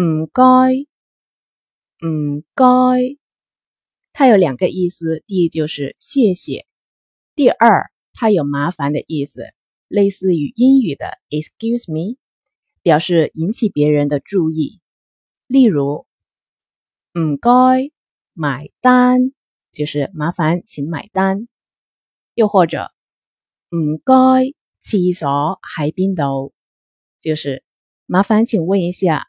唔該，唔該，它有兩個意思。第一就是謝謝；第二，它有麻煩的意思，類似於英語的 “excuse me”，表示引起別人的注意。例如，“唔該埋單”，就是麻煩請買單；又或者“唔該廁所喺邊度”，就是麻煩請問一下。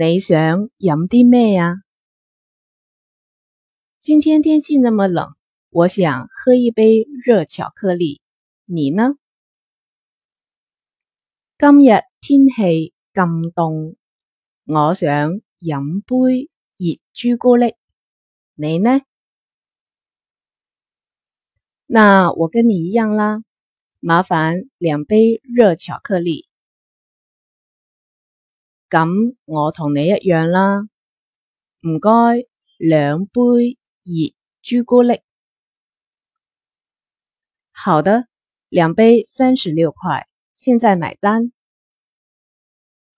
你想飲啲咩啊？今天天氣那麼冷，我想喝一杯熱巧克力。你呢？今日天，天氣咁凍，我想飲杯熱朱古力。你呢？那我跟你一樣啦，麻煩兩杯熱巧克力。咁我同你一樣啦，唔該，兩杯熱朱古力。好的，兩杯三十六塊，現在買單。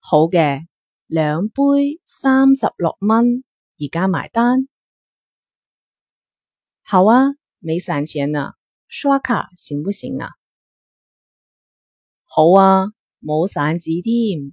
好嘅，兩杯三十六蚊，而家埋單。好啊，沒散錢呢，刷卡行不行啊？好啊，冇散紙添。